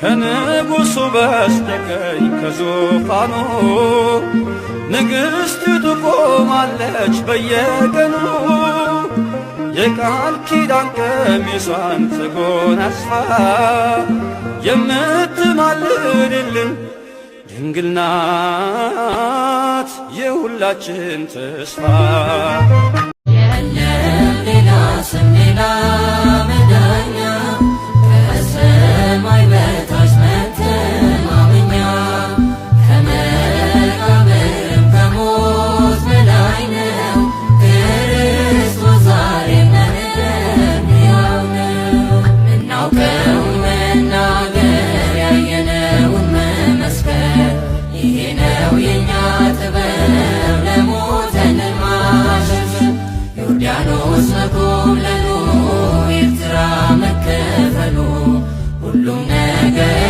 ከንጉሱ በስተቀኝ ከዙፋኑ ንግሥት ትቆማለች በየቀኑ የቃል ኪዳን ቀሚሷን ተጎናጽፋ የምትማልድልን ድንግል ናት የሁላችን ተስፋ መስመኩም ለሉ ኤርትራ መከፈሉ ሁሉም ነገር